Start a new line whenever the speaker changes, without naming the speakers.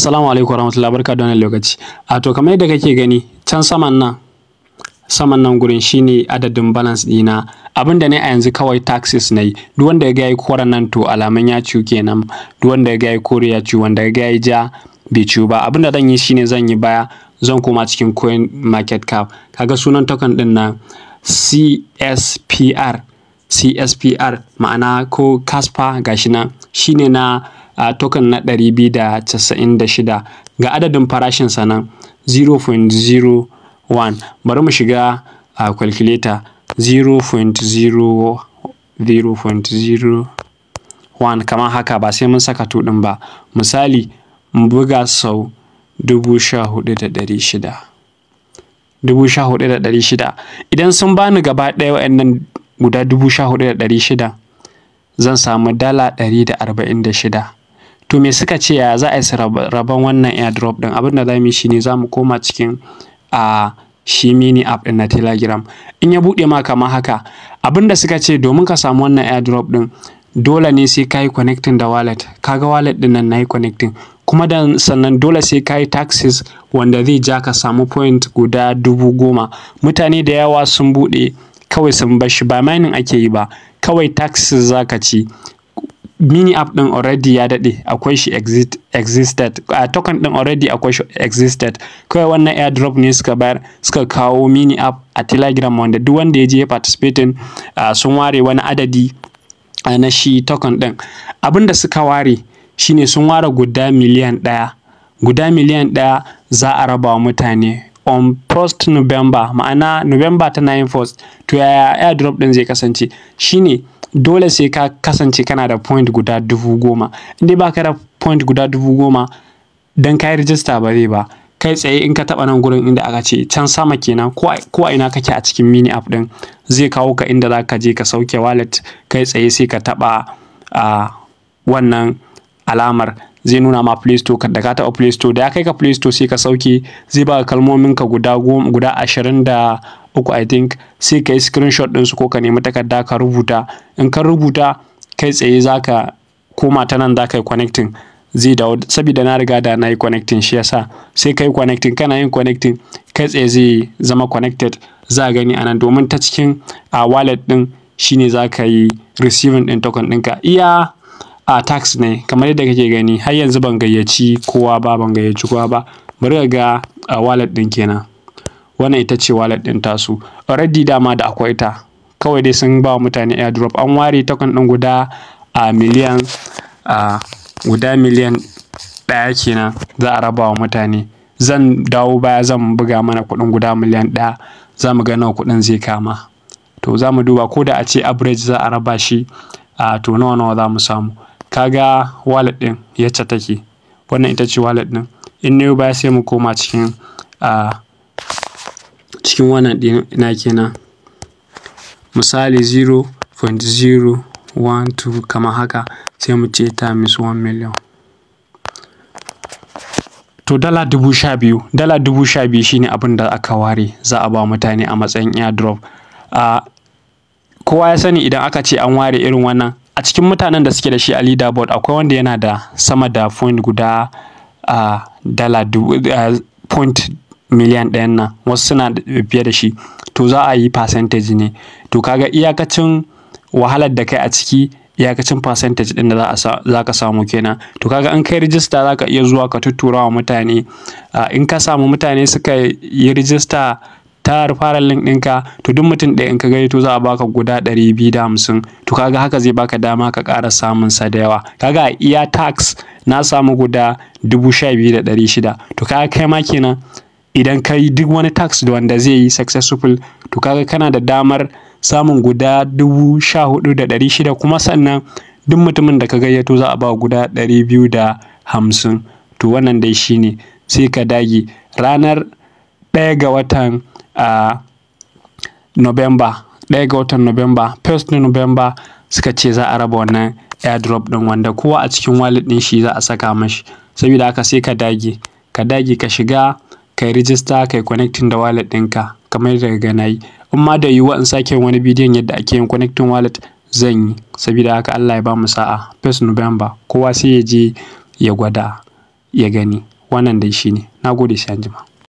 Assalamu alaikum warahmatullahi barka da wannan lokaci. A to kamar yadda kake gani can saman nan saman nan gurin shine adadin balance dina abin da ne a yanzu kawai taxes na yi duk wanda ya ga koren nan to alaman ya ciwu kenan duk wanda ya ga kore ya ciwu wanda ya ga ja bai ciwu ba abin da zan yi shine zan yi baya zan koma cikin coin market cap kaga sunan token din nan CSPR CSPR ma'ana ko Casper gashi nan shine na a token na 296 ga adadin farashin sanan nan 0.01 bari mu shiga a calculator 0.0 0.01 kamar haka ba sai mun saka tudin ba misali mu buga sau 14,600 14,600 idan sun bani gaba ɗaya wa'annan guda 14,600 zan samu dala 146 to me suka ce ya za a yi rabon wannan airdrop din abin da za mu yi shine za mu koma cikin a shi mini app din na telegram in ya buɗe ma kamar haka abin da suka ce domin ka samu wannan airdrop din dole ne sai ka connecting da wallet kaga wallet din nan na yi connecting kuma dan sannan dole sai ka yi taxes wanda zai ja ka samu point guda dubu goma mutane da yawa sun buɗe kawai sun bashi, shi ba mining ake yi ba kawai taxes za ka ci mini app din already ya daɗe akwai shi exit existed a token ɗin already akwai shi existed kawai wannan airdrop ne suka bayar suka kawo mini app a telegram wanda duk wanda ya je ya participating uh, sun ware wani adadi uh, na shi token ɗin abinda suka ware shine sun ware guda miliyan ɗaya guda miliyan ɗaya za a raba mutane on first november ma'ana november ta 9 first to ya airdrop ɗin zai kasance shine dole sai ka kasance kana da point guda dubu goma inda ba ka da point guda dubu goma don ka yi rijista ba zai ba kai tsaye in ka taba nan gurin inda aka ce can sama kenan ko a ina kake a cikin mini app din zai kawo ka inda za ka je ka sauke wallet kai tsaye sai ka taba a ah, wannan alamar zai nuna ma play store da ka taɓa play store da ya kai ka play store sai ka sauke zai ba kalmomin ka guda guda ashirin da uku i think sai ka yi screenshot ɗinsu ko ka nemi takarda ka rubuta in ka rubuta kai tsaye za ka koma ta nan za ka yi connecting zai dawo saboda na riga da na yi connecting shi yasa sai ka yi connecting kana yin connecting kai tsaye zai zama connected za a gani anan domin ta cikin a ah, wallet ɗin shine za ka yi receiving ɗin token ɗinka iya a tax ne kamar yadda kake gani har yanzu ban gayyaci kowa ba ban gayyaci kowa ba bari ka ga a wallet ɗin kenan wannan ita ce wallet ɗin tasu already dama da akwai ta kawai dai sun ba mutane airdrop an ware token ɗin guda a miliyan a guda miliyan ɗaya kenan za a raba wa mutane zan dawo baya zan buga mana kuɗin guda miliyan ɗaya za mu ga nawa kuɗin zai kama to za mu duba ko da a ce average za a raba shi a to nawa nawa za mu samu kaga wallet ɗin yacce take wannan ita ce wallet ɗin in na yi baya sai mu koma cikin a cikin wannan ɗin ina kenan misali 0.012 kamar haka sai mu ce times 1 million to dala dubu sha biyu dala dubu sha biyu shine abin da aka ware za a ba mutane a matsayin airdrop a kowa ya sani idan aka ce an ware irin wannan a cikin mutanen da suke da shi a leaderboard akwai wanda yana da sama da point guda a dala point miliyan ɗayan nan wasu suna fiye da shi to za a yi percentage ne to kaga iyakacin wahalar da kai a ciki iyakacin percentage ɗin da za ka samu kenan to kaga in kai rijista za ka iya zuwa ka tuttura wa mutane in ka samu mutane suka yi rijista ta referral link ɗinka to duk mutum ɗaya in ka to za a baka guda ɗari biyu da hamsin, to kaga haka zai baka dama ka ƙara samun sa da yawa kaga a iya tax na samu guda dubu sha biyu da ɗari shida, to kaga kai ma kenan idan ka yi duk wani tax da wanda zai yi successful to kaga kana da damar samun guda dubu sha hudu da ɗari shida, kuma sannan duk mutumin da ka gayyato za a ba guda ɗari biyu da hamsin, to wannan dai shine sai ka dage ranar ɗaya ga watan a november ɗaya ga watan november first na november suka ce za a raba wannan airdrop ɗin wanda kowa a cikin wallet ɗin shi za a saka mashi saboda haka sai ka dage ka dage ka shiga ka yi rijista ka yi connecting da wallet ɗinka kamar yadda ga na in ma da yiwuwa in sake wani bidiyon yadda ake yin connecting wallet zan yi saboda haka Allah ya ba mu sa'a first November kowa sai ya je ya gwada ya gani wannan dai shine nagode sai anjima